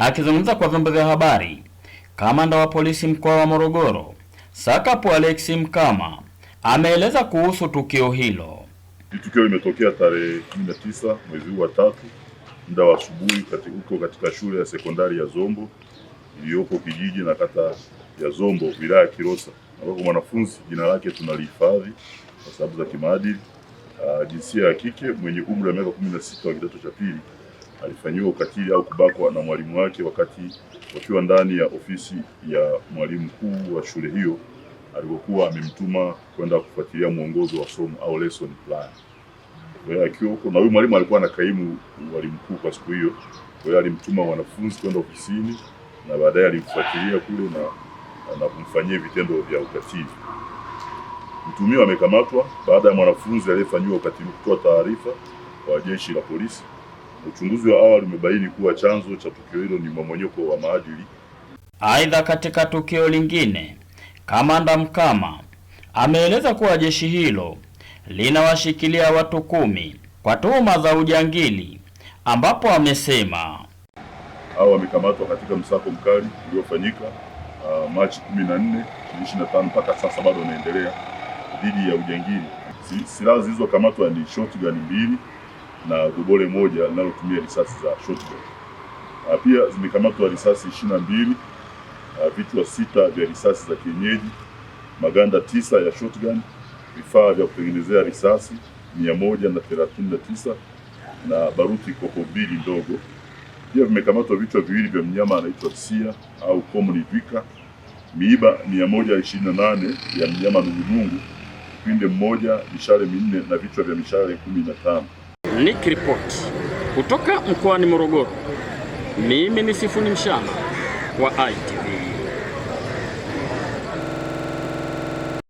Akizungumza kwa vyombo vya habari, kamanda wa polisi mkoa wa Morogoro Sakapo Alex Mkama ameeleza kuhusu tukio hilo. Tukio limetokea tarehe 19 mwezi huu wa tatu muda wa asubuhi huko katika shule ya sekondari ya Zombo iliyopo kijiji na kata ya Zombo wilaya ya Kilosa, ambapo mwanafunzi jina lake tunalihifadhi kwa sababu za kimaadili, ah, jinsia ya kike, mwenye umri wa miaka 16 wa kidato cha pili alifanyiwa ukatili au kubakwa na mwalimu wake wakati wakiwa ndani ya ofisi ya mwalimu mkuu wa shule hiyo alipokuwa amemtuma kwenda kufuatilia mwongozo wa somo au lesson plan. Kwa hiyo akiwa huko na huyu mwalimu alikuwa na kaimu mwalimu mkuu kwa siku hiyo, kwa hiyo alimtuma wanafunzi kwenda ofisini na baadaye alimfuatilia kule na, na kumfanyia vitendo vya ukatili. Mtumio amekamatwa baada ya mwanafunzi aliyefanyiwa ukatili kutoa taarifa kwa jeshi la polisi. Uchunguzi wa awali umebaini kuwa chanzo cha tukio hilo ni mmomonyoko wa maadili. Aidha, katika tukio lingine, Kamanda Mkama ameeleza kuwa jeshi hilo linawashikilia watu kumi kwa tuhuma za ujangili, ambapo amesema hao wamekamatwa katika msako mkali uliofanyika uh, Machi 14, 25 mpaka sasa bado wanaendelea dhidi ya ujangili. Silaha zilizokamatwa ni shotgun mbili na gobole moja linalotumia risasi za shotgun. Ah, pia zimekamatwa risasi ishirini na mbili, ah, vichwa sita vya risasi za kienyeji, maganda tisa ya shotgun, vifaa vya kutengenezea risasi mia moja na thelathini na tisa na baruti koko mbili ndogo. Pia vimekamatwa vichwa viwili vya mnyama anaitwa sia au common vika, miiba mia moja ishirini na nane ya mnyama nungunungu, upinde mmoja, mishale minne na vichwa vya mishale kumi na tano. Nikiripoti kutoka mkoani Morogoro, mimi ni Sifuni Mshana wa ITV.